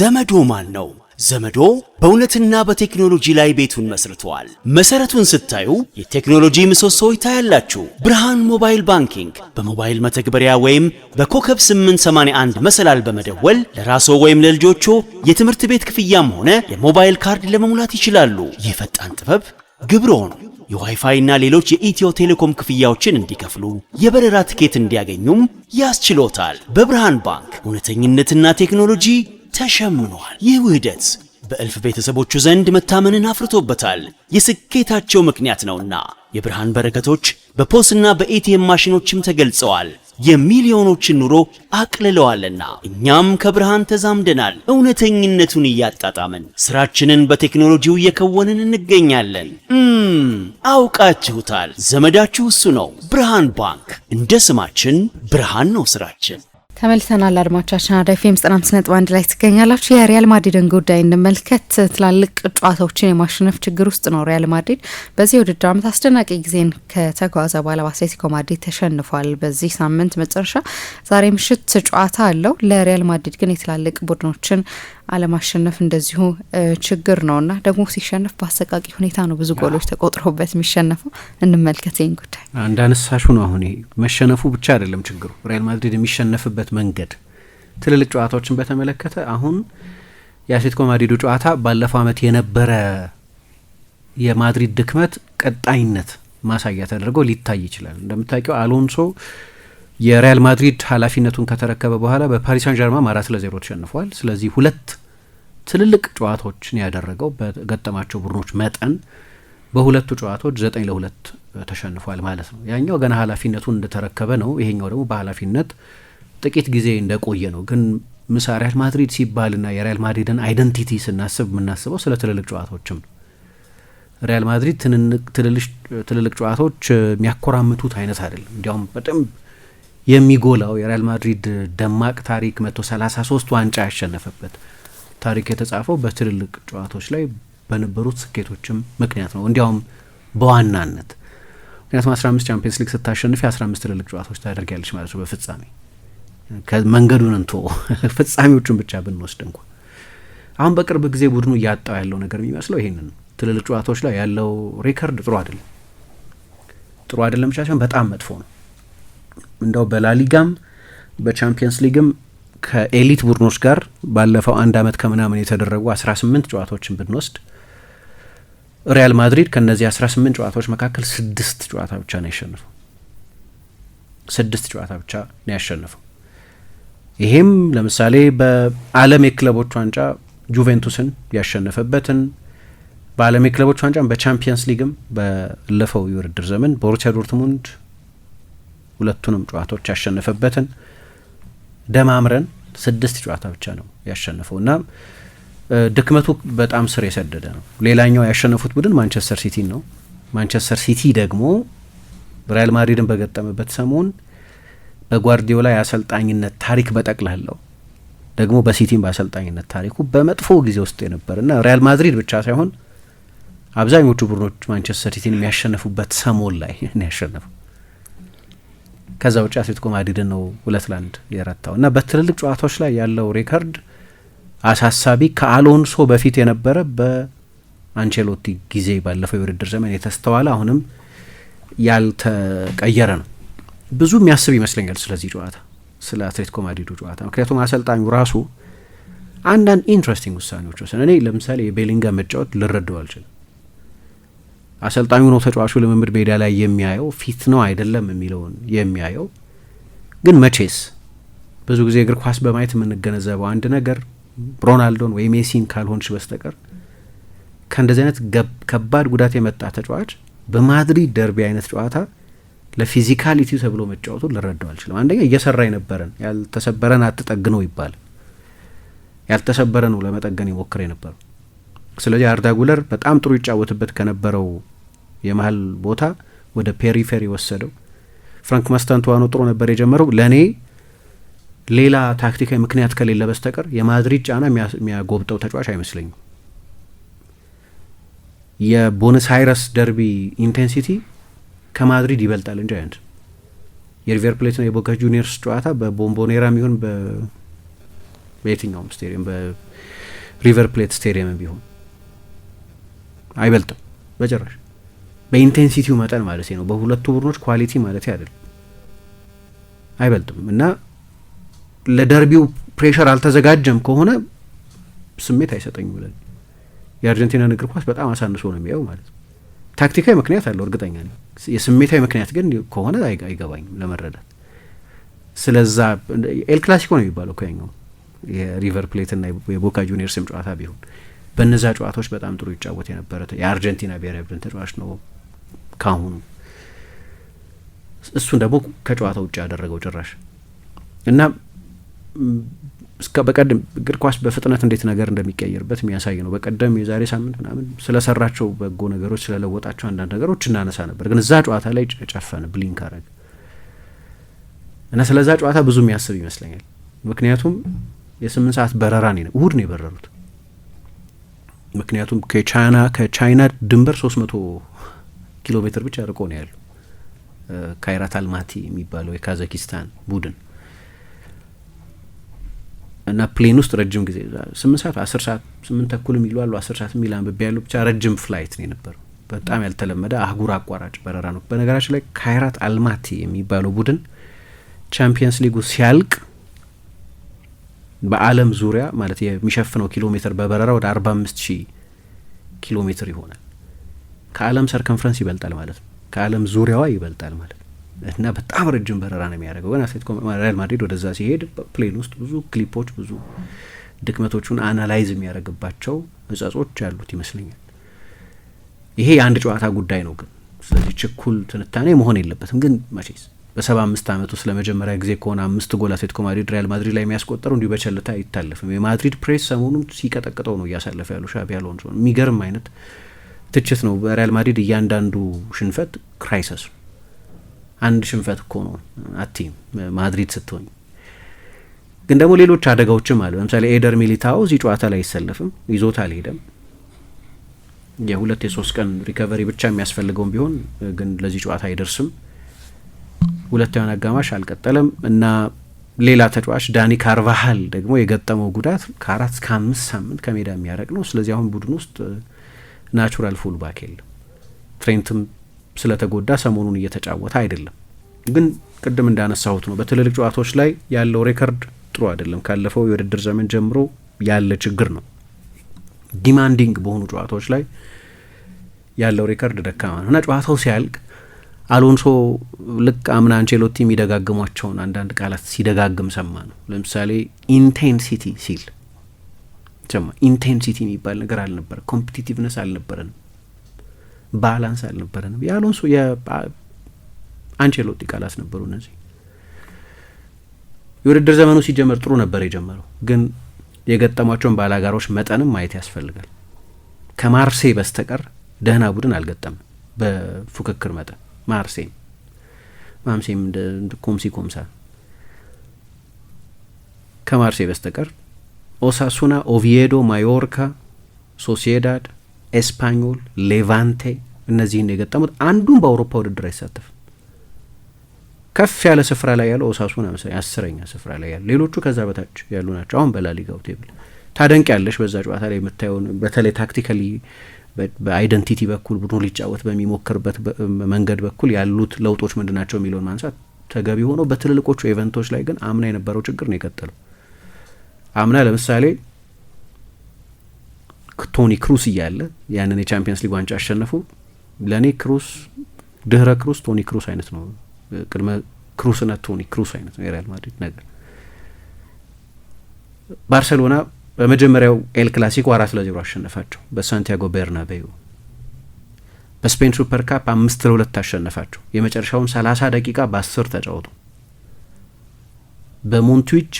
ዘመዶ ማን ነው? ዘመዶ በእውነትና በቴክኖሎጂ ላይ ቤቱን መስርቷል መሰረቱን ስታዩ የቴክኖሎጂ ምሰሶዎች ታያላችሁ። ብርሃን ሞባይል ባንኪንግ በሞባይል መተግበሪያ ወይም በኮከብ 881 መሰላል በመደወል ለራስዎ ወይም ለልጆቹ የትምህርት ቤት ክፍያም ሆነ የሞባይል ካርድ ለመሙላት ይችላሉ። የፈጣን ጥበብ ግብሮን የዋይፋይ እና ሌሎች የኢትዮ ቴሌኮም ክፍያዎችን እንዲከፍሉ የበረራ ትኬት እንዲያገኙም ያስችሎታል። በብርሃን ባንክ እውነተኝነትና ቴክኖሎጂ ተሸምኗል። ይህ ውህደት በእልፍ ቤተሰቦቹ ዘንድ መታመንን አፍርቶበታል። የስኬታቸው ምክንያት ነውና የብርሃን በረከቶች በፖስና በኤቲኤም ማሽኖችም ተገልጸዋል። የሚሊዮኖችን ኑሮ አቅልለዋልና እኛም ከብርሃን ተዛምደናል። እውነተኝነቱን እያጣጣምን ስራችንን በቴክኖሎጂው እየከወንን እንገኛለን። አውቃችሁታል። ዘመዳችሁ እሱ ነው። ብርሃን ባንክ። እንደ ስማችን ብርሃን ነው ስራችን። ተመልሰናል አድማጮቻችን፣ አራዳ ኤፍ ኤም ዘጠና አምስት ነጥብ አንድ ላይ ትገኛላችሁ። የሪያል ማድሪድን ጉዳይ እንመልከት። ትላልቅ ጨዋታዎችን የማሸነፍ ችግር ውስጥ ነው ሪያል ማድሪድ። በዚህ የውድድር አመት አስደናቂ ጊዜን ከተጓዘ በኋላ በአትሌቲኮ ማድሪድ ተሸንፏል። በዚህ ሳምንት መጨረሻ ዛሬ ምሽት ጨዋታ አለው። ለሪያል ማድሪድ ግን የትላልቅ ቡድኖችን አለማሸነፍ እንደዚሁ ችግር እና ደግሞ ሲሸነፍ በአሰቃቂ ሁኔታ ነው ብዙ ጎሎች ተቆጥሮበት የሚሸነፈው። እንመልከት ይህን ጉዳይ። እንዳነሳሹ ነው አሁን መሸነፉ ብቻ አይደለም ችግሩ። ሪያል ማድሪድ የሚሸነፍበት መንገድ ትልልቅ ጨዋታዎችን በተመለከተ አሁን የአትሌቲኮ ማድሪዱ ጨዋታ ባለፈው ዓመት የነበረ የማድሪድ ድክመት ቀጣይነት ማሳያ ተደርጎ ሊታይ ይችላል። እንደምታውቂው አሎንሶ የሪያል ማድሪድ ኃላፊነቱን ከተረከበ በኋላ በፓሪስ ሳን ጀርማ አራት ለዜሮ ተሸንፏል። ስለዚህ ሁለት ትልልቅ ጨዋታዎችን ያደረገው በገጠማቸው ቡድኖች መጠን በሁለቱ ጨዋታዎች ዘጠኝ ለሁለት ተሸንፏል ማለት ነው። ያኛው ገና ኃላፊነቱን እንደተረከበ ነው። ይሄኛው ደግሞ በኃላፊነት ጥቂት ጊዜ እንደቆየ ነው። ግን ምሳ ሪያል ማድሪድ ሲባልና የሪያል ማድሪድን አይደንቲቲ ስናስብ የምናስበው ስለ ትልልቅ ጨዋታዎችም ነው። ሪያል ማድሪድ ትልልቅ ጨዋታዎች የሚያኮራምቱት አይነት አይደለም። እንዲያውም በጣም የሚጎላው የሪያል ማድሪድ ደማቅ ታሪክ መቶ ሰላሳ ሶስት ዋንጫ ያሸነፈበት ታሪክ የተጻፈው በትልልቅ ጨዋታዎች ላይ በነበሩት ስኬቶችም ምክንያት ነው። እንዲያውም በዋናነት ምክንያቱም አስራ አምስት ቻምፒየንስ ሊግ ስታሸንፍ የአስራ አምስት ትልልቅ ጨዋታዎች ታደርጊያለች ማለት ነው በፍጻሜ መንገዱን እንቶ ፍጻሜዎቹን ብቻ ብንወስድ እንኳ አሁን በቅርብ ጊዜ ቡድኑ እያጣው ያለው ነገር የሚመስለው ይሄንን ነው። ትልልቅ ጨዋታዎች ላይ ያለው ሬከርድ ጥሩ አይደለም። ጥሩ አይደለም ብቻ ሳይሆን በጣም መጥፎ ነው። እንደው በላሊጋም በቻምፒየንስ ሊግም ከኤሊት ቡድኖች ጋር ባለፈው አንድ ዓመት ከምናምን የተደረጉ 18 ጨዋታዎችን ብንወስድ ሪያል ማድሪድ ከእነዚህ 18 ጨዋታዎች መካከል ስድስት ጨዋታ ብቻ ነው ያሸንፈው። ስድስት ጨዋታ ብቻ ነው ያሸንፈው። ይሄም ለምሳሌ በዓለም የክለቦች ዋንጫ ጁቬንቱስን ያሸነፈበትን በዓለም የክለቦች ዋንጫ በቻምፒየንስ ሊግም ባለፈው የውድድር ዘመን ቦሩሲያ ዶርትሙንድ ሁለቱንም ጨዋታዎች ያሸነፈበትን ደማምረን ስድስት ጨዋታ ብቻ ነው ያሸነፈው እና ድክመቱ በጣም ስር የሰደደ ነው። ሌላኛው ያሸነፉት ቡድን ማንቸስተር ሲቲ ነው። ማንቸስተር ሲቲ ደግሞ ሪያል ማድሪድን በገጠመበት ሰሞን በጓርዲዮላ የአሰልጣኝነት ታሪክ በጠቅላላው ደግሞ በሲቲም በአሰልጣኝነት ታሪኩ በመጥፎ ጊዜ ውስጥ የነበር እና ሪያል ማድሪድ ብቻ ሳይሆን አብዛኞቹ ቡድኖች ማንቸስተር ሲቲን የሚያሸነፉበት ሰሞን ላይ ያሸነፉ ከዛ ውጭ አትሌቲኮ ማድሪድን ነው ሁለት ለአንድ የረታው እና በትልልቅ ጨዋታዎች ላይ ያለው ሪከርድ አሳሳቢ ከአሎንሶ በፊት የነበረ በአንቸሎቲ ጊዜ ባለፈው የውድድር ዘመን የተስተዋለ አሁንም ያልተቀየረ ነው። ብዙ የሚያስብ ይመስለኛል ስለዚህ ጨዋታ ስለ አትሌቲኮ ማድሪዱ ጨዋታ ምክንያቱም አሰልጣኙ ራሱ አንዳንድ ኢንትረስቲንግ ውሳኔዎች ወሰነ። እኔ ለምሳሌ የቤሊንጋ መጫወት ልረዳው አልችልም። አሰልጣኙ ነው ተጫዋቹ ልምምድ ሜዳ ላይ የሚያየው ፊት ነው አይደለም የሚለውን የሚያየው። ግን መቼስ ብዙ ጊዜ እግር ኳስ በማየት የምንገነዘበው አንድ ነገር ሮናልዶን ወይ ሜሲን ካልሆንች በስተቀር ከእንደዚህ አይነት ከባድ ጉዳት የመጣ ተጫዋች በማድሪድ ደርቢ አይነት ጨዋታ ለፊዚካሊቲ ተብሎ መጫወቱ ልረዳው አልችልም። አንደኛ እየሰራ የነበረን ያልተሰበረን አትጠግነው ይባል ያልተሰበረ ነው ለመጠገን ይሞክር የነበረው ስለዚህ አርዳ ጉለር በጣም ጥሩ ይጫወትበት ከነበረው የመሀል ቦታ ወደ ፔሪፌሪ ወሰደው። ፍራንክ ማስታንቱዋኖ ጥሩ ነበር የጀመረው። ለእኔ ሌላ ታክቲካዊ ምክንያት ከሌለ በስተቀር የማድሪድ ጫና የሚያጎብጠው ተጫዋች አይመስለኝም። የቦነስ አይረስ ደርቢ ኢንቴንሲቲ ከማድሪድ ይበልጣል እንጂ አይነት የሪቨር ፕሌትና የቦካ ጁኒየርስ ጨዋታ በቦምቦኔራ ሚሆን በየትኛውም ስቴዲየም በሪቨር ፕሌት ስቴዲየም ቢሆን አይበልጥም በጭራሽ በኢንቴንሲቲው መጠን ማለት ነው። በሁለቱ ቡድኖች ኳሊቲ ማለት አይደለም፣ አይበልጥም እና ለደርቢው ፕሬሸር አልተዘጋጀም ከሆነ ስሜት አይሰጠኝም። ብለን የአርጀንቲናን እግር ኳስ በጣም አሳንሶ ነው የሚያየው ማለት ነው። ታክቲካዊ ምክንያት አለው እርግጠኛ ነኝ። የስሜታዊ ምክንያት ግን ከሆነ አይገባኝም ለመረዳት። ስለዛ ኤል ክላሲኮ ነው የሚባለው ከኛው የሪቨር ፕሌትና የቦካ ጁኒየርስም ጨዋታ ቢሆን በነዛ ጨዋታዎች በጣም ጥሩ ይጫወት የነበረ የአርጀንቲና ብሔራዊ ቡድን ተጫዋች ነው። ካሁኑ እሱን ደግሞ ከጨዋታ ውጭ ያደረገው ጭራሽ እና በቀደም እግር ኳስ በፍጥነት እንዴት ነገር እንደሚቀየርበት የሚያሳይ ነው። በቀደም የዛሬ ሳምንት ምናምን ስለሰራቸው በጎ ነገሮች ስለለወጣቸው አንዳንድ ነገሮች እናነሳ ነበር፣ ግን እዛ ጨዋታ ላይ ጨፈን ብሊንክ አረግ እና ስለዛ ጨዋታ ብዙ የሚያስብ ይመስለኛል። ምክንያቱም የስምንት ሰዓት በረራ ነው፣ እሁድ ነው የበረሩት ምክንያቱም ከቻይና ከቻይና ድንበር መቶ ኪሎ ሜትር ብቻ ርቆ ነው ያሉ ካይራት አልማቲ የሚባለው የካዛኪስታን ቡድን እና ፕሌን ውስጥ ረጅም ጊዜ ስምንት ሰዓት አስር ሰዓት ስምንት ተኩል የሚሉ አሉ አስር ሰዓት የሚል አንብቤ ያሉ ብቻ ረጅም ፍላይት ነው የነበረው። በጣም ያልተለመደ አህጉር አቋራጭ በረራ ነው። በነገራችን ላይ ካይራት አልማቲ የሚባለው ቡድን ቻምፒየንስ ሊጉ ሲያልቅ በዓለም ዙሪያ ማለት የሚሸፍነው ኪሎ ሜትር በበረራ ወደ አምስት ሺህ ኪሎ ሜትር ይሆናል። ከዓለም ሰርከንፍረንስ ይበልጣል ማለት ነው። ከዓለም ዙሪያዋ ይበልጣል ማለት ነው እና በጣም ረጅም በረራ ነው የሚያደርገው። ግን አትሌቲኮ ሪያል ማድሪድ ወደዛ ሲሄድ ፕሌን ውስጥ ብዙ ክሊፖች፣ ብዙ ድክመቶቹን አናላይዝ የሚያደርግባቸው እጸጾች ያሉት ይመስለኛል። ይሄ የአንድ ጨዋታ ጉዳይ ነው ግን ስለዚህ ችኩል ትንታኔ መሆን የለበትም ግን መቼስ በሰባ አምስት ዓመት ውስጥ ለመጀመሪያ ጊዜ ከሆነ አምስት ጎል አትሌቲኮ ማድሪድ ሪያል ማድሪድ ላይ የሚያስቆጠረው እንዲሁ በቸልታ አይታለፍም። የማድሪድ ፕሬስ ሰሞኑን ሲቀጠቅጠው ነው እያሳለፈ ያሉ ሻቢ አሎንሶ። የሚገርም አይነት ትችት ነው። በሪያል ማድሪድ እያንዳንዱ ሽንፈት ክራይሰስ ነው። አንድ ሽንፈት እኮ ነው አቲም ማድሪድ ስትሆኝ። ግን ደግሞ ሌሎች አደጋዎችም አሉ። ለምሳሌ ኤደር ሚሊታው እዚህ ጨዋታ ላይ አይሰለፍም፣ ይዞት አልሄደም። የሁለት የሶስት ቀን ሪከቨሪ ብቻ የሚያስፈልገውም ቢሆን ግን ለዚህ ጨዋታ አይደርስም። ሁለተኛውን አጋማሽ አልቀጠለም እና ሌላ ተጫዋች ዳኒ ካርቫሃል ደግሞ የገጠመው ጉዳት ከአራት እስከ አምስት ሳምንት ከሜዳ የሚያረቅ ነው። ስለዚህ አሁን ቡድን ውስጥ ናቹራል ፉል ባክ የለም። ትሬንትም ስለተጎዳ ሰሞኑን እየተጫወተ አይደለም። ግን ቅድም እንዳነሳሁት ነው በትልልቅ ጨዋታዎች ላይ ያለው ሬከርድ ጥሩ አይደለም። ካለፈው የውድድር ዘመን ጀምሮ ያለ ችግር ነው። ዲማንዲንግ በሆኑ ጨዋታዎች ላይ ያለው ሬከርድ ደካማ ነው እና ጨዋታው ሲያልቅ አሎንሶ ልክ አምና አንቸሎቲ የሚደጋግሟቸውን አንዳንድ ቃላት ሲደጋግም ሰማ ነው። ለምሳሌ ኢንቴንሲቲ ሲል ሰማ። ኢንቴንሲቲ የሚባል ነገር አልነበረ፣ ኮምፒቲቲቭነስ አልነበረንም፣ ባላንስ አልነበረንም። የአሎንሶ የአንቸሎቲ ቃላት ነበሩ እነዚህ። የውድድር ዘመኑ ሲጀመር ጥሩ ነበር የጀመረው፣ ግን የገጠሟቸውን ባላጋሮች መጠንም ማየት ያስፈልጋል። ከማርሴይ በስተቀር ደህና ቡድን አልገጠምም በፉክክር መጠን ma ማምሴም ኮምሲ ኮምሳ ከማርሴ በስተቀር ኦሳሱና፣ ኦቪየዶ ማዮርካ፣ ሶሲዳድ፣ ኤስፓኞል፣ ሌቫንቴ እነዚህን የገጠሙት አንዱም በአውሮፓ ውድድር አይሳተፍም። ከፍ ያለ ስፍራ ላይ ያለው ኦሳሱና አስረኛ ስፍራ ላይ ያለ፣ ሌሎቹ ከዛ በታች ያሉ ናቸው። አሁን በላሊጋው ቴብል ታደንቅ ያለሽ በዛ ጨዋታ ላይ የምታየውን በተለይ ታክቲካሊ በአይደንቲቲ በኩል ቡድኑ ሊጫወት በሚሞክርበት መንገድ በኩል ያሉት ለውጦች ምንድናቸው የሚለውን ማንሳት ተገቢ ሆኖ በትልልቆቹ ኢቨንቶች ላይ ግን አምና የነበረው ችግር ነው የቀጠለው። አምና ለምሳሌ ቶኒ ክሩስ እያለ ያንን የቻምፒየንስ ሊግ ዋንጫ አሸነፉ። ለእኔ ክሩስ ድህረ ክሩስ ቶኒ ክሩስ አይነት ነው፣ ቅድመ ክሩስና ቶኒ ክሩስ አይነት ነው የሪያል ማድሪድ ነገር ባርሴሎና በመጀመሪያው ኤል ክላሲኮ አራት ለዜሮ አሸነፋቸው በሳንቲያጎ በርናቤዩ። በስፔን ሱፐር ካፕ አምስት ለሁለት አሸነፋቸው። የመጨረሻውን 30 ደቂቃ በአስር ተጫወቱ። በሞንትዊች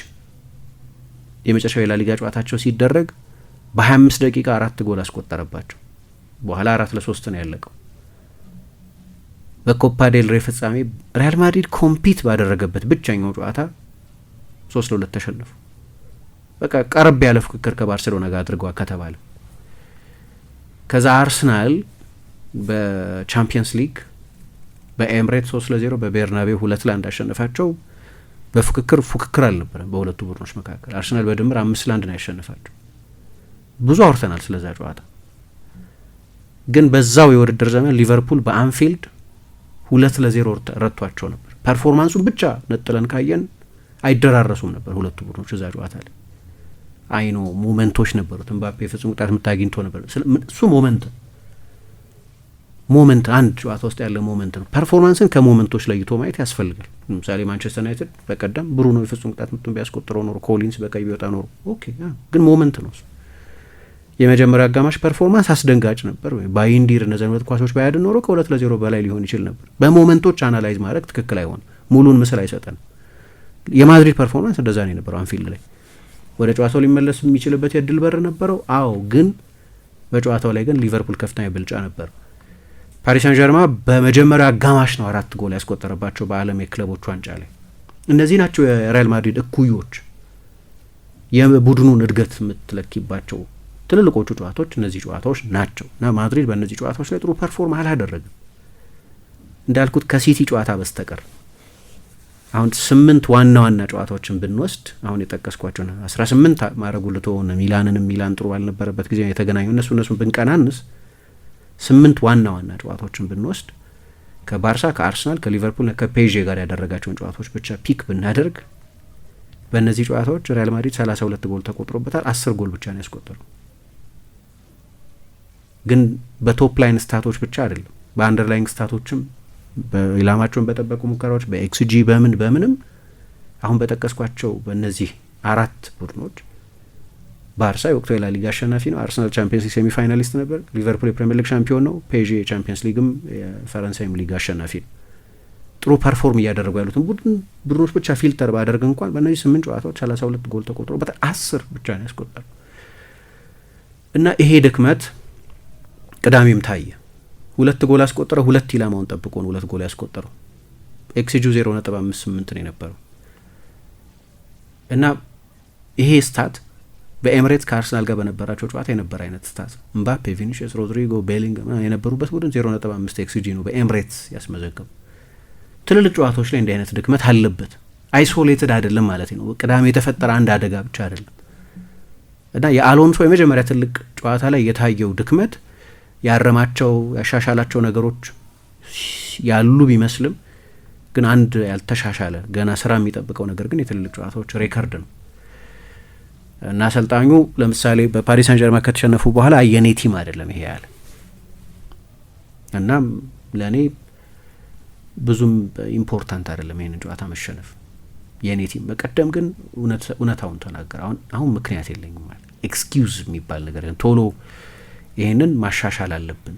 የመጨረሻው የላሊጋ ጨዋታቸው ሲደረግ በ25 ደቂቃ አራት ጎል አስቆጠረባቸው። በኋላ አራት ለሶስት ነው ያለቀው። በኮፓ ዴል ሬ ፍጻሜ ሪያል ማድሪድ ኮምፒት ባደረገበት ብቸኛው ጨዋታ ሶስት ለሁለት ተሸነፉ። በቃ ቀረብ ያለ ፉክክር ከባርሴሎና ጋር አድርገዋል ከተባለ ከዛ አርሰናል በቻምፒየንስ ሊግ በኤምሬት ሶስት ለዜሮ በቤርናቤ ሁለት ለአንድ አሸንፋቸው በፉክክር ፉክክር አልነበረም በሁለቱ ቡድኖች መካከል። አርሰናል በድምር አምስት ለአንድ ነው ያሸንፋቸው። ብዙ አውርተናል ስለዛ ጨዋታ። ግን በዛው የውድድር ዘመን ሊቨርፑል በአንፊልድ ሁለት ለዜሮ ረቷቸው ነበር። ፐርፎርማንሱን ብቻ ነጥለን ካየን አይደራረሱም ነበር ሁለቱ ቡድኖች እዛ ጨዋታ ላይ አይኖ ሞመንቶች ነበሩት። እምባፔ የፍጹም ቅጣት ምት አግኝቶ ነበር። እሱ ሞመንት ሞመንት አንድ ጨዋታ ውስጥ ያለ ሞመንት ነው። ፐርፎርማንስን ከሞመንቶች ለይቶ ማየት ያስፈልጋል። ለምሳሌ ማንቸስተር ዩናይትድ በቀደም ብሩኖ የፍጹም ቅጣት ምቱን ቢያስቆጥረው ኖሮ፣ ኮሊንስ በቀይ ቢወጣ ኖሮ ኦኬ፣ ግን ሞመንት ነው የመጀመሪያ አጋማሽ ፐርፎርማንስ አስደንጋጭ ነበር። ባይንዲር እነዚያ ሁለት ኳሶች ባያድን ኖሮ ከሁለት ለዜሮ በላይ ሊሆን ይችል ነበር። በሞመንቶች አናላይዝ ማድረግ ትክክል አይሆንም። ሙሉን ምስል አይሰጠንም። የማድሪድ ፐርፎርማንስ እንደዛ ነው የነበረው አንፊልድ ላይ ወደ ጨዋታው ሊመለስ የሚችልበት የድል በር ነበረው። አዎ፣ ግን በጨዋታው ላይ ግን ሊቨርፑል ከፍተኛ ብልጫ ነበር። ፓሪስ ሳን ጀርማ በመጀመሪያ አጋማሽ ነው አራት ጎል ያስቆጠረባቸው በዓለም የክለቦች ዋንጫ ላይ። እነዚህ ናቸው የሪያል ማድሪድ እኩዮች፣ የቡድኑን እድገት የምትለኪባቸው ትልልቆቹ ጨዋታዎች እነዚህ ጨዋታዎች ናቸው እና ማድሪድ በእነዚህ ጨዋታዎች ላይ ጥሩ ፐርፎርም አላደረግም እንዳልኩት ከሲቲ ጨዋታ በስተቀር አሁን ስምንት ዋና ዋና ጨዋታዎችን ብንወስድ አሁን የጠቀስኳቸው ነ አስራ ስምንት ማድረጉ ሆነ ሚላንንም ሚላን ጥሩ ባልነበረበት ጊዜ የተገናኙ እነሱ እነሱ ብንቀናንስ ስምንት ዋና ዋና ጨዋታዎችን ብንወስድ ከባርሳ ከአርሰናል ከሊቨርፑል ከፔዤ ጋር ያደረጋቸውን ጨዋታዎች ብቻ ፒክ ብናደርግ በእነዚህ ጨዋታዎች ሪያል ማድሪድ ሰላሳ ሁለት ጎል ተቆጥሮበታል። አስር ጎል ብቻ ነው ያስቆጠሩ ግን በቶፕ ላይን ስታቶች ብቻ አይደለም በአንደርላይንግ ስታቶችም ኢላማቸውን በጠበቁ ሙከራዎች በኤክስጂ በምን በምንም አሁን በጠቀስኳቸው በእነዚህ አራት ቡድኖች ባርሳ የወቅቱ ሊግ አሸናፊ ነው። አርሰናል ቻምፒየንስ ሊግ ሴሚፋይናሊስት ነበር። ሊቨርፑል የፕሪሚየር ሊግ ሻምፒዮን ነው። ፔዥ የቻምፒየንስ ሊግም የፈረንሳይም ሊግ አሸናፊ ነው። ጥሩ ፐርፎርም እያደረጉ ያሉትን ቡድን ቡድኖች ብቻ ፊልተር ባደርግ እንኳን በእነዚህ ስምንት ጨዋታዎች ሰላሳ ሁለት ጎል ተቆጥሮ በተ አስር ብቻ ነው ያስቆጠሩ እና ይሄ ድክመት ቅዳሜም ታየ። ሁለት ጎል አስቆጠረው። ሁለት ኢላማውን ጠብቆ ነው ሁለት ጎል ያስቆጠረው። ኤክስጁ ዜሮ ነጥብ አምስት ስምንት ነው የነበረው እና ይሄ ስታት በኤምሬት ከአርሰናል ጋር በነበራቸው ጨዋታ የነበረ አይነት ስታት ምባፔ፣ ቪኒሽስ፣ ሮድሪጎ፣ ቤሊንግሃም የነበሩበት ቡድን ዜሮ ነጥብ አምስት ኤክስጂ ነው በኤምሬት ያስመዘገቡ። ትልልቅ ጨዋታዎች ላይ እንዲህ አይነት ድክመት አለበት። አይሶሌትድ አይደለም ማለት ነው። ቅዳሜ የተፈጠረ አንድ አደጋ ብቻ አይደለም እና የአሎንሶ የመጀመሪያ ትልቅ ጨዋታ ላይ የታየው ድክመት ያረማቸው ያሻሻላቸው ነገሮች ያሉ ቢመስልም ግን አንድ ያልተሻሻለ ገና ስራ የሚጠብቀው ነገር ግን የትልልቅ ጨዋታዎች ሬከርድ ነው እና አሰልጣኙ ለምሳሌ በፓሪስ ጀርማ ከተሸነፉ በኋላ የኔ ቲም አይደለም ይሄ ያለ እናም ለእኔ ብዙም ኢምፖርታንት አይደለም ይህንን ጨዋታ መሸነፍ የእኔ ቲም። በቀደም ግን እውነታውን ተናገር። አሁን አሁን ምክንያት የለኝም ማለት ኤክስኪውዝ የሚባል ነገር ቶሎ ይህንን ማሻሻል አለብን።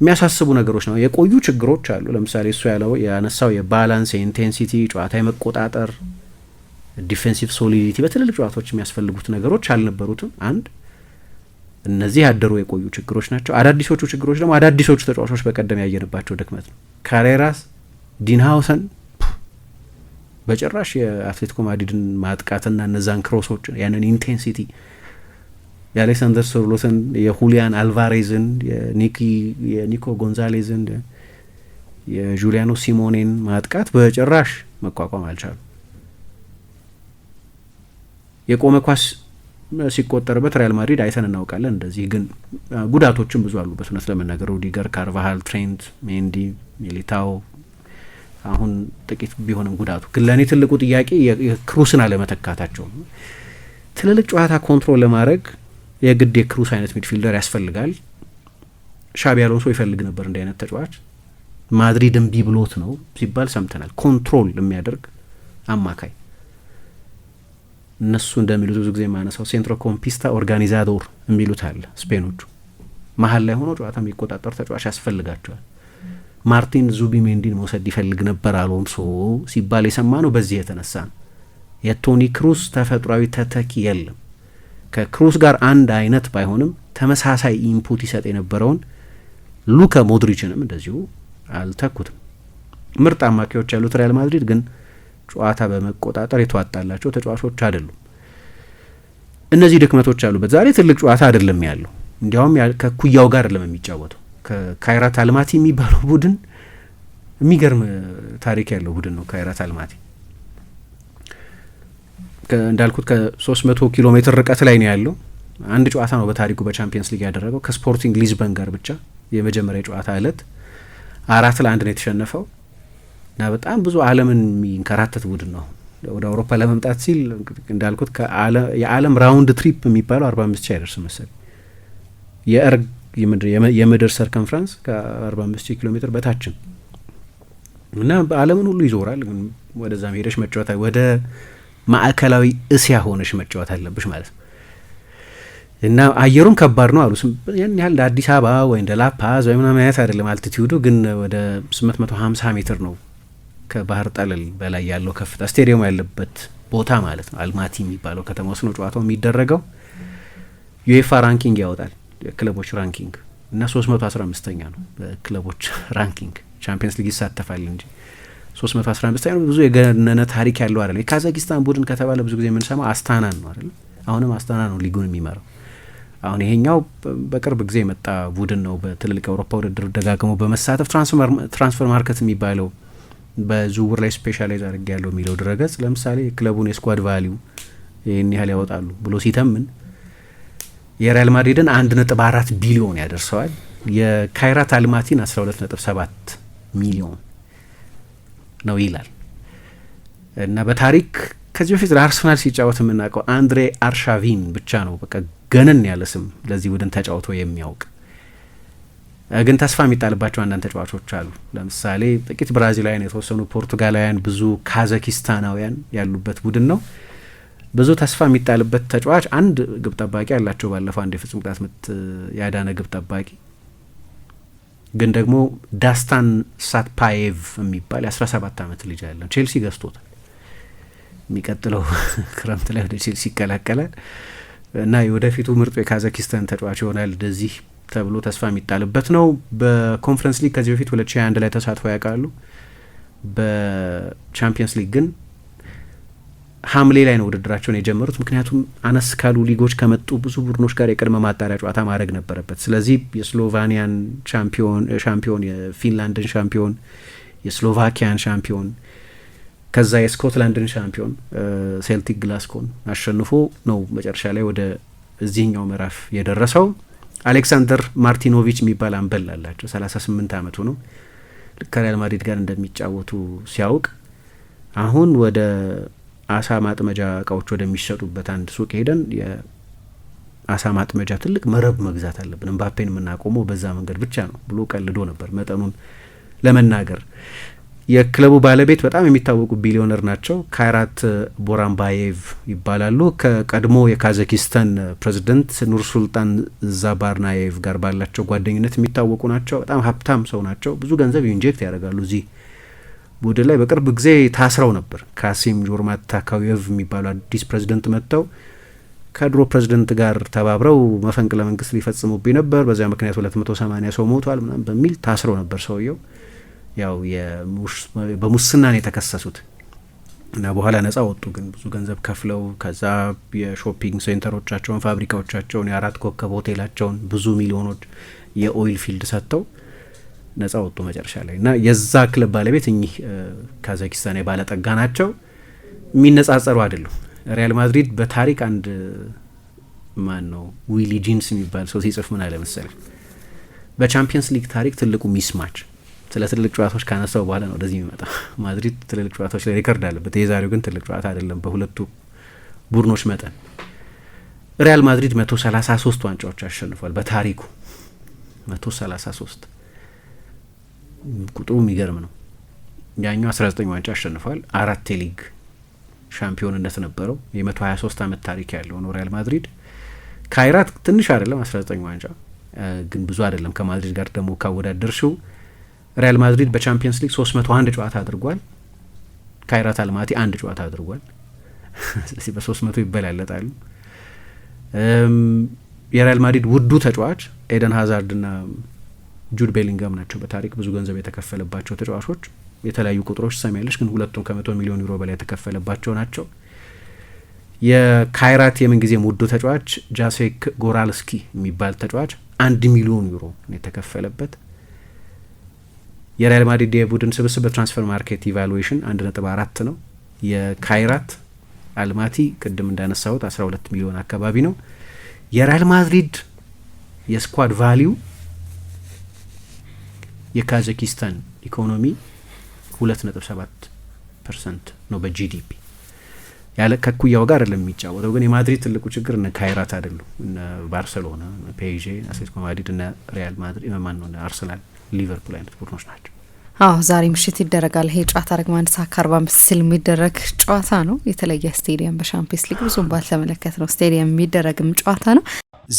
የሚያሳስቡ ነገሮች ነው። የቆዩ ችግሮች አሉ። ለምሳሌ እሱ ያለው ያነሳው የባላንስ የኢንቴንሲቲ ጨዋታ የመቆጣጠር ዲፌንሲቭ ሶሊዲቲ በትልልቅ ጨዋታዎች የሚያስፈልጉት ነገሮች አልነበሩትም። አንድ እነዚህ ያደሩ የቆዩ ችግሮች ናቸው። አዳዲሶቹ ችግሮች ደግሞ አዳዲሶቹ ተጫዋቾች በቀደም ያየንባቸው ድክመት ነው። ካሬራስ፣ ዲንሃውሰን በጭራሽ የአትሌቲኮ ማድሪድን ማጥቃትና እነዛን ክሮሶች ያንን ኢንቴንሲቲ የአሌክሳንደር ሶርሎሰን የሁሊያን አልቫሬዝን የኒኪ የኒኮ ጎንዛሌዝን የጁሊያኖ ሲሞኔን ማጥቃት በጭራሽ መቋቋም አልቻሉ። የቆመ ኳስ ሲቆጠርበት ሪያል ማድሪድ አይተን እናውቃለን። እንደዚህ ግን ጉዳቶችም ብዙ አሉበት። እውነት ለመናገር ሩዲገር፣ ካርቫሃል፣ ትሬንት፣ ሜንዲ፣ ሚሊታው አሁን ጥቂት ቢሆንም ጉዳቱ ግን ለእኔ ትልቁ ጥያቄ የክሩስን አለመተካታቸው ትልልቅ ጨዋታ ኮንትሮል ለማድረግ የግድ የክሩስ አይነት ሚድፊልደር ያስፈልጋል። ሻቢ አሎንሶ ይፈልግ ነበር እንዲህ አይነት ተጫዋች። ማድሪድ እምቢ ብሎት ነው ሲባል ሰምተናል። ኮንትሮል የሚያደርግ አማካይ። እነሱ እንደሚሉት ብዙ ጊዜ የማነሳው ሴንትሮ ኮምፒስታ ኦርጋኒዛዶር የሚሉት አለ። ስፔኖቹ መሀል ላይ ሆኖ ጨዋታ የሚቆጣጠር ተጫዋች ያስፈልጋቸዋል። ማርቲን ሜንዲን መውሰድ ይፈልግ ነበር አሎንሶ ሲባል የሰማ ነው። በዚህ የተነሳ ነው የቶኒ ክሩስ ተፈጥሯዊ ተተኪ የለም። ከክሩስ ጋር አንድ አይነት ባይሆንም ተመሳሳይ ኢንፑት ይሰጥ የነበረውን ሉከ ሞድሪችንም እንደዚሁ አልተኩትም። ምርጥ አማካዮች ያሉት ሪያል ማድሪድ ግን ጨዋታ በመቆጣጠር የተዋጣላቸው ተጫዋቾች አይደሉም። እነዚህ ድክመቶች አሉበት። ዛሬ ትልቅ ጨዋታ አይደለም ያለው፣ እንዲያውም ከኩያው ጋር አይደለም የሚጫወተው። ከካይራት አልማቲ የሚባለው ቡድን የሚገርም ታሪክ ያለው ቡድን ነው። ካይራት አልማቲ እንዳልኩት ከ300 ኪሎ ሜትር ርቀት ላይ ነው ያለው። አንድ ጨዋታ ነው በታሪኩ በቻምፒየንስ ሊግ ያደረገው ከስፖርቲንግ ሊዝበን ጋር ብቻ የመጀመሪያ ጨዋታ እለት አራት ለአንድ ነው የተሸነፈው እና በጣም ብዙ ዓለምን የሚንከራተት ቡድን ነው። ወደ አውሮፓ ለመምጣት ሲል እንዳልኩት የዓለም ራውንድ ትሪፕ የሚባለው 45 ሺህ አይደርስ መሰል የእርግ የምድር ሰርከምፍራንስ ከ45 ኪሎ ሜትር በታችን እና በአለምን ሁሉ ይዞራል። ወደዛ ሄደሽ መጫወታ ወደ ማዕከላዊ እስያ ሆነሽ መጫወት አለብሽ ማለት ነው። እና አየሩም ከባድ ነው አሉ። ያን ያህል እንደ አዲስ አበባ ወይ እንደ ላፓዝ ወይ ምናምን አይነት አይደለም። አልቲቲዩዱ ግን ወደ 850 ሜትር ነው ከባህር ጠለል በላይ ያለው ከፍታ ስቴዲየሙ ያለበት ቦታ ማለት ነው። አልማቲ የሚባለው ከተማ ውስጥ ነው ጨዋታው የሚደረገው። ዩኤፋ ራንኪንግ ያወጣል የክለቦች ራንኪንግ እና 315ኛ ነው በክለቦች ራንኪንግ ቻምፒየንስ ሊግ ይሳተፋል እንጂ 315 ነው። ብዙ የገነነ ታሪክ ያለው አይደለም። የካዛኪስታን ቡድን ከተባለ ብዙ ጊዜ የምንሰማ አስታናን ነው አይደለም። አሁንም አስታና ነው ሊጉን የሚመራው። አሁን ይሄኛው በቅርብ ጊዜ የመጣ ቡድን ነው። በትልልቅ የአውሮፓ ውድድር ደጋግሞ በመሳተፍ ትራንስፈር ማርኬት የሚባለው በዝውውር ላይ ስፔሻላይዝ አድርግ ያለው የሚለው ድረገጽ ለምሳሌ ክለቡን የስኳድ ቫሊዩ ይህን ያህል ያወጣሉ ብሎ ሲተምን የሪያል ማድሪድን አንድ ነጥብ አራት ቢሊዮን ያደርሰዋል። የካይራት አልማቲን አስራ ሁለት ነጥብ ሰባት ሚሊዮን ነው ይላል እና በታሪክ ከዚህ በፊት ለአርሰናል ሲጫወት የምናውቀው አንድሬ አርሻቪን ብቻ ነው። በቃ ገነን ያለ ስም ለዚህ ቡድን ተጫውቶ የሚያውቅ ግን ተስፋ የሚጣልባቸው አንዳንድ ተጫዋቾች አሉ። ለምሳሌ ጥቂት ብራዚላውያን፣ የተወሰኑ ፖርቱጋላውያን፣ ብዙ ካዛኪስታናውያን ያሉበት ቡድን ነው። ብዙ ተስፋ የሚጣልበት ተጫዋች አንድ ግብ ጠባቂ አላቸው። ባለፈው አንድ የፍጹም ቅጣት ምት ያዳነ ግብ ጠባቂ ግን ደግሞ ዳስታን ሳትፓዬቭ የሚባል የ17 ዓመት ልጅ አለን ቼልሲ ገዝቶታል። የሚቀጥለው ክረምት ላይ ወደ ቼልሲ ይቀላቀላል እና የወደፊቱ ምርጡ የካዛኪስታን ተጫዋች ይሆናል እንደዚህ ተብሎ ተስፋ የሚጣልበት ነው። በኮንፈረንስ ሊግ ከዚህ በፊት 2021 ላይ ተሳትፎ ያውቃሉ። በቻምፒየንስ ሊግ ግን ሐምሌ ላይ ነው ውድድራቸውን የጀመሩት። ምክንያቱም አነስ ካሉ ሊጎች ከመጡ ብዙ ቡድኖች ጋር የቅድመ ማጣሪያ ጨዋታ ማድረግ ነበረበት። ስለዚህ የስሎቫኒያን ሻምፒዮን፣ የፊንላንድን ሻምፒዮን፣ የስሎቫኪያን ሻምፒዮን ከዛ የስኮትላንድን ሻምፒዮን ሴልቲክ ግላስኮን አሸንፎ ነው መጨረሻ ላይ ወደ እዚህኛው ምዕራፍ የደረሰው። አሌክሳንደር ማርቲኖቪች የሚባል አምበል አላቸው። 38 ዓመቱ ነው። ከሪያል ማድሪድ ጋር እንደሚጫወቱ ሲያውቅ አሁን ወደ አሳ ማጥመጃ እቃዎች ወደሚሸጡበት አንድ ሱቅ ሄደን የአሳ ማጥመጃ ትልቅ መረብ መግዛት አለብን፣ እምባፔን የምናቆመው በዛ መንገድ ብቻ ነው ብሎ ቀልዶ ነበር መጠኑን ለመናገር። የክለቡ ባለቤት በጣም የሚታወቁ ቢሊዮነር ናቸው። ካይራት ቦራምባየቭ ይባላሉ። ከቀድሞ የካዘኪስታን ፕሬዚደንት ኑርሱልጣን ዛባርናየቭ ጋር ባላቸው ጓደኝነት የሚታወቁ ናቸው። በጣም ሀብታም ሰው ናቸው። ብዙ ገንዘብ ኢንጀክት ያደርጋሉ እዚህ ቡድን ላይ በቅርብ ጊዜ ታስረው ነበር። ካሲም ጆርማት ታካዊቭ የሚባሉ አዲስ ፕሬዚደንት መጥተው ከድሮ ፕሬዚደንት ጋር ተባብረው መፈንቅለ መንግስት ሊፈጽሙብኝ ነበር፣ በዚያ ምክንያት መቶ ሰማኒያ ሰው ሞቷል ምናምን በሚል ታስረው ነበር። ሰውየው ያው በሙስና ነው የተከሰሱት እና በኋላ ነጻ ወጡ። ግን ብዙ ገንዘብ ከፍለው ከዛ የሾፒንግ ሴንተሮቻቸውን፣ ፋብሪካዎቻቸውን፣ የአራት ኮከብ ሆቴላቸውን ብዙ ሚሊዮኖች የኦይል ፊልድ ሰጥተው ነጻ ወጡ መጨረሻ ላይ እና የዛ ክለብ ባለቤት እኚህ ካዛኪስታን የባለጠጋ ናቸው። የሚነጻጸሩ አይደሉም። ሪያል ማድሪድ በታሪክ አንድ ማን ነው ዊሊ ጂንስ የሚባል ሰው ሲጽፍ ምን አለ መሰለኝ፣ በቻምፒየንስ ሊግ ታሪክ ትልቁ ሚስማች ስለ ትልልቅ ጨዋታዎች ካነሳው በኋላ ነው ወደዚህ የሚመጣ። ማድሪድ ትልልቅ ጨዋታዎች ላይ ሪከርድ አለበት። የዛሬው ግን ትልቅ ጨዋታ አይደለም። በሁለቱ ቡድኖች መጠን ሪያል ማድሪድ መቶ ሰላሳ ሶስት ዋንጫዎች አሸንፏል። በታሪኩ መቶ ሰላሳ ሶስት ቁጥሩ የሚገርም ነው። ያኛው 19 ዋንጫ አሸንፏል። አራት ሊግ ሻምፒዮንነት ነበረው። የ123 ዓመት ታሪክ ያለው ነው ሪያል ማድሪድ። ካይራት ትንሽ አይደለም 19 ዋንጫ ግን ብዙ አይደለም። ከማድሪድ ጋር ደግሞ ካወዳደርሽው ሪያል ማድሪድ በቻምፒየንስ ሊግ 301 ጨዋታ አድርጓል። ካይራት አልማቲ አንድ ጨዋታ አድርጓል። ስለዚህ በ300 ይበላለጣሉ። የሪያል ማድሪድ ውዱ ተጫዋች ኤደን ሀዛርድና ጁድ ቤሊንጋም ናቸው። በታሪክ ብዙ ገንዘብ የተከፈለባቸው ተጫዋቾች የተለያዩ ቁጥሮች ሰሚያለች፣ ግን ሁለቱም ከመቶ ሚሊዮን ዩሮ በላይ የተከፈለባቸው ናቸው። የካይራት የምንጊዜ ውዱ ተጫዋች ጃሴክ ጎራልስኪ የሚባል ተጫዋች አንድ ሚሊዮን ዩሮ ነው የተከፈለበት። የሪያል ማድሪድ የቡድን ስብስብ በትራንስፈር ማርኬት ኢቫሉዌሽን አንድ ነጥብ አራት ነው። የካይራት አልማቲ ቅድም እንዳነሳሁት አስራ ሁለት ሚሊዮን አካባቢ ነው። የሪያል ማድሪድ የስኳድ ቫሊዩ የካዛኪስታን ኢኮኖሚ ሁለት ነጥብ ሰባት ፐርሰንት ነው በጂዲፒ ያለ ከኩያው ጋር አይደለም የሚጫወተው። ግን የማድሪድ ትልቁ ችግር እነ ካይራት አይደሉ እነ ባርሰሎና፣ ፔዤ፣ አትሌቲኮ ማድሪድ እነ ሪያል ማድሪድ መማን ነው አርሰናል፣ ሊቨርፑል አይነት ቡድኖች ናቸው። አዎ ዛሬ ምሽት ይደረጋል ይሄ ጨዋታ ደግሞ አንድ ሰዓት ከአርባ አምስት ሲል የሚደረግ ጨዋታ ነው። የተለየ ስቴዲየም በሻምፒየንስ ሊግ ብዙም ባልተመለከት ነው ስቴዲየም የሚደረግም ጨዋታ ነው።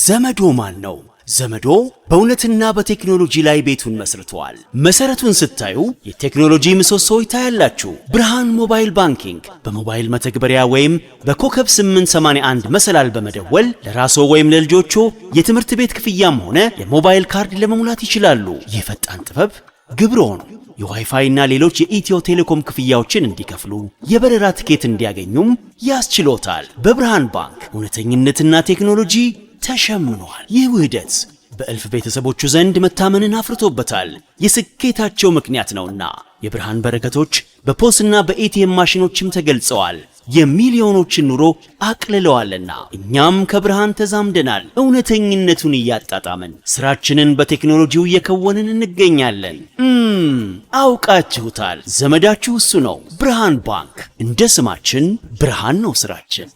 ዘመዶ ማን ነው ዘመዶ በእውነትና በቴክኖሎጂ ላይ ቤቱን መስርተዋል። መሰረቱን ስታዩ የቴክኖሎጂ ምሰሶ ይታያላችሁ ብርሃን ሞባይል ባንኪንግ በሞባይል መተግበሪያ ወይም በኮከብ 881 መሰላል በመደወል ለራስዎ ወይም ለልጆቹ የትምህርት ቤት ክፍያም ሆነ የሞባይል ካርድ ለመሙላት ይችላሉ። ይህ ፈጣን ጥበብ ግብሮን የዋይፋይ እና ሌሎች የኢትዮ ቴሌኮም ክፍያዎችን እንዲከፍሉ የበረራ ትኬት እንዲያገኙም ያስችሎታል። በብርሃን ባንክ እውነተኝነትና ቴክኖሎጂ ተሸምኗል። ይህ ውህደት በእልፍ ቤተሰቦቹ ዘንድ መታመንን አፍርቶበታል። የስኬታቸው ምክንያት ነውና የብርሃን በረከቶች በፖስና በኤቲኤም ማሽኖችም ተገልጸዋል። የሚሊዮኖችን ኑሮ አቅልለዋልና እኛም ከብርሃን ተዛምደናል። እውነተኝነቱን እያጣጣምን ስራችንን በቴክኖሎጂው እየከወንን እንገኛለን። አውቃችሁታል። ዘመዳችሁ እሱ ነው። ብርሃን ባንክ። እንደ ስማችን ብርሃን ነው ስራችን።